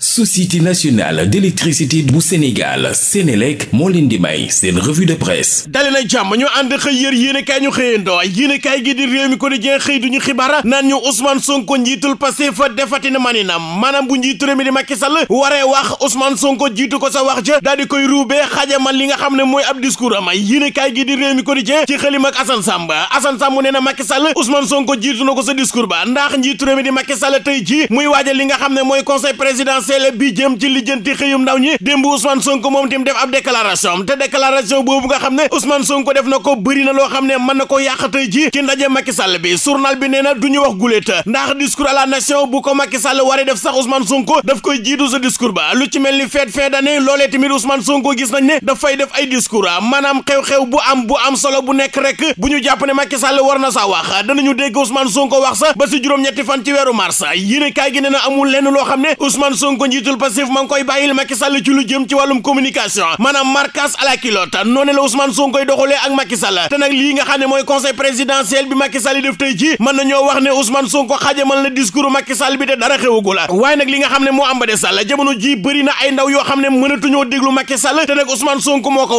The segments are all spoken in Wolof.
société nationale d'électricité bu Sénégal Sénélec moo leen di may seen revue de presse dali na jàmm ñu ànd xëy yër yéenekaay ñu xëyandoo yéenekaay gi di réew mi quotidien xëy duñu xibaar naan ñu Ousmane Sonko njiitul Pastef defati na maninam maanaam bu njiitu mi di Macky waree wax Ousmane Sonko jiitu ko sa wax ja daal di koy ruubee xajamal li nga xam ne mooy ab discours am yéenekaay gi di réew mi ko di Macky Sall tey ji muy waajal li nga xam ne mooy conseil présidentiel célèbre bi jëm ci lijjanti xëyum ndaw ñi démb Ousmane Sonko moom tim def ab déclaration te déclaration boobu nga xam ne Ousmane Sonko def na ko bëri na loo xam ne man na ko yàq tey ji ci ndaje Macky Sall bi journal bi nee na du ñu wax guléet ndax discours à la nation bu ko Macky Sall waree def sax Ousmane Sonko daf koy jiitu sa discours ba lu ci mel ni fête fin d'année loolee tamit Ousmane Sonko gis nañ ne dafay ay discours maanaam xew-xew bu am bu am solo bu nekk rek bu ñu jàpp ne Macky Sall war na sa wax danañu dégg Ousmane Sonko wax sa ba si juróom-ñetti fan ci weeru mars yéene kaay gi ne Sonko njiitul Pastef ma ngi koy bàyyil Macky Sall ci lu jëm ci wàllum communication maanaam marquage à la culotte noonu la Ousmane Sonko doxalee ak Macky Sall te nag lii nga xam ne mooy conseil présidentiel bi Macky Sall def tey ci mën nañoo wax ne Ousmane Sonko xajamal na discours Macky Sall bi te dara xewagu la waaye nag li nga xam ne moo am ba de Sall jamono ji bëri na ay ndaw yoo xam ne mënatuñoo déglu Macky Sall te nag Ousmane Sonko ko yi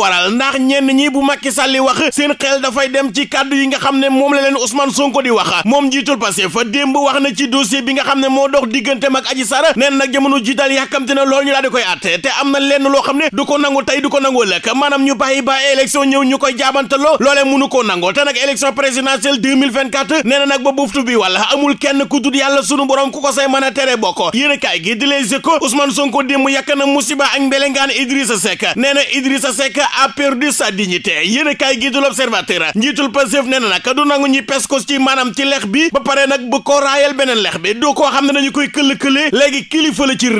nga xam ne moom la leen Ousmane Sonko na ci dossier xam ne moo dox digganteem ak ji dal na lool ñu daal di koy àtte te am na lenn loo xam ne du ko nangu tey du ko nangu lëkk maanaam ñu bàyyi ba élection ñëw ñu koy jaabantaloo loolee munu koo nangoo te nag élection présidentielle 2024 nee na nag ba buftu bi wala amul kenn ku dul yàlla sunu borom ko say mën a tere bokk yéen a kaay gi di Les Échos Ousmane Sonko démb yàkk na musiba ak mbelengaan Idrissa Seck nee na Idrissa Seck a perdu a di ñi pes ko ci maanaam ci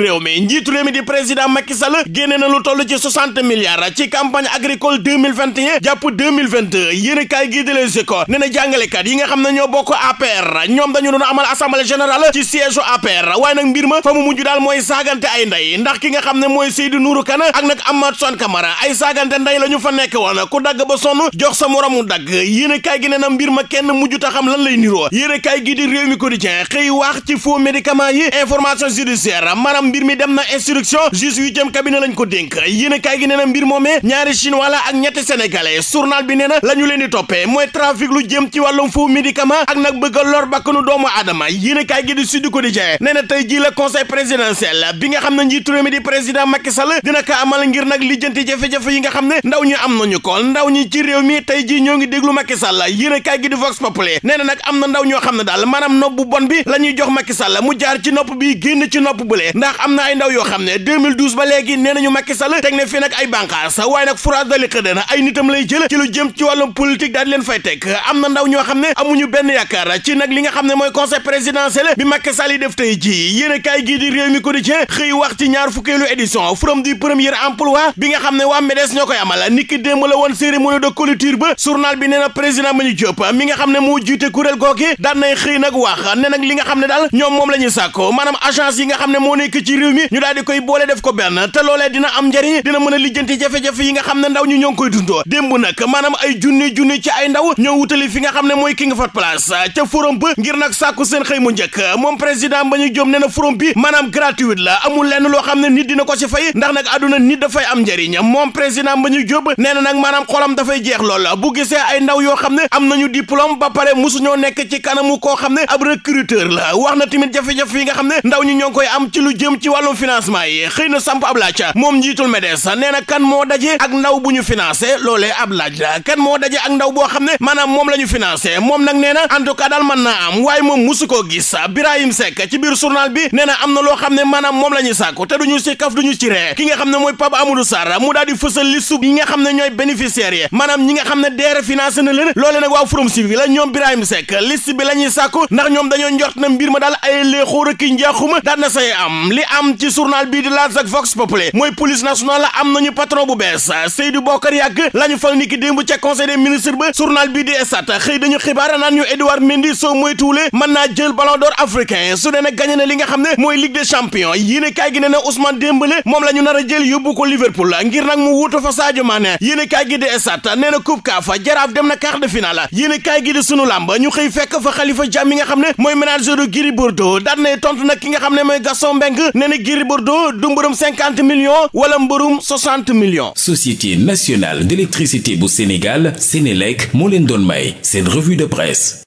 réew mi njiitu réew mi di président Macky Sall génne na lu toll ci soixante milliards ci campagne agricole deux mille vingt et un jàpp deux mille a kaay yi nga xam ne ñoo bokk APR ñoom dañu doon amal assemblée générale ci siège su APR waaye nag mbir ma fa mu daal mooy saagante ay ndax ki nga xam ne mooy Seydou Nourou Kane ak nag Amath Sane Camara ay saagante ndey la fa nekk woon ku dagg ba sonn jox sa moromu dagg yéen a kaay gi nee mbir ma kenn mujj ta a mbir mi dem na instruction juge huitième cabinet lañ ko dénk yéen a gi nee na mbir moomee ñaari chinois la ak ñetti sénégalais journal bi nee na la ñu leen di toppee mooy trafic lu jëm ci wàllum faux médicament ak nag bëgg a lor nu doomu adama yéen a gi di Sud Quotidien nee na tey ji la conseil présidentiel bi nga xam ne njiitu réew mi di président Macky Sall dina ko ngir nag lijjanti jafe yi nga xam ne ndaw ñu am nañu ko ndaw ñi ci réew mi tey ji ñoo ngi déglu ma Sall yéen a kaay gi di Vox Populi nee na nag am na ndaw ñoo xam ne daal maanaam nopp bu bon bi la ñuy jox Macky Sall mu jaar ci nopp bi génn ci nopp ndax am na ay ndaw yoo xam ne 2012 ba léegi nee nañu Macky Sall teg na fi nag ay bànqaas waaye nag furaas dali xëdana ay nitam lay jël ci lu jëm ci wàllum politique daal leen fay teg am na ndaw ñoo xam ne amuñu benn yaakaar ci nag li nga xam ne mooy conseil présidentiel bi Macky Sall yi def tey ji yéen a kaay gii di réew mi quotidien xëy wax ci ñaar fukkeelu édition forum du premier emploi bi nga xam ne waa MEDES ñoo koy amal niki démb la ba la ñuy sàkko ci réew mi ñu daal di koy boole def ko benn te loole dina am njariñ dina mën a lijjanti jafe-jafe yi nga xam ne ndaw ñu ñoo ngi koy dundoo démb nag maanaam ay junni junni ci ay ndaw ñoo wutali fi nga xam ne mooy nga Fahd Palace ca forum ba ngir nag sàkku seen xëy mu njëkk moom président Mbagnick Diop nee na forum bi maanaam gratuit la amul lenn loo xam ne nit dina ko ci fay ndax nag àdduna nit dafay am njariñ moom président Mbagnick Diop nee na nag maanaam xolam dafay jeex lool bu gisee ay ndaw yoo xam ne am nañu diplôme ba pare musuñoo nekk ci kanamu koo xam ne ab recruteur la wax na tamit jafe yi nga xam ne ndaw ñu ñoo ngi koy am lu jëm jëm ci wàllum financement yi xëy na samp ab laaj moom njiitul MEDES nee na kan moo daje ndaw bu ñu financé loolee ab laaj la kan moo daje ak ndaw boo xam ne maanaam moom la ñu financé moom na en tout cas daal mën naa am waaye moom musu koo gis Birahim am na loo xam ne maanaam moom la ñu sàkku te ne mooy Pape mu daal di fësal liste xam ne ñooy bénéficiaires yi maanaam ñi nga xam ne DER financé na leen loole nag waaw Forum Civil la ñoom Birahim Seck liste bi la ñuy sàkku ndax ñoom dañoo njort na mbir ma daal ay léexóor ak njaaxuma daan na say am li am ci journal bii di laas ak Vox Populi mooy police am nañu patron bu bees Seydou Bokar Yàgg la ñu fal ni ki démb ca conseil des ministres ba journal bii di Stades xëy dañu xibaar naan ñu Edouard Mendy soo moytuwulee mën naa jël ballon d'or africain su dee li nga xam ne mooy Ligue des champions yéene kaay gi ne na la ñu gi di Stades nee na Coupe CAF Jaraaf dem na quart de finale yéene kaay gi di sunu làmb ñu xëy fekk fa Khalifa Diam nga xam ne mooy manager Gris Bordeaux daan nay tontu nag xam ne mooy nee na Gris Bordeaux du mbërum cinquante millions wala mbërum million millions. Société nationale d'électricité bu Sénégal Sénélec moo leen doon may seen revue de presse.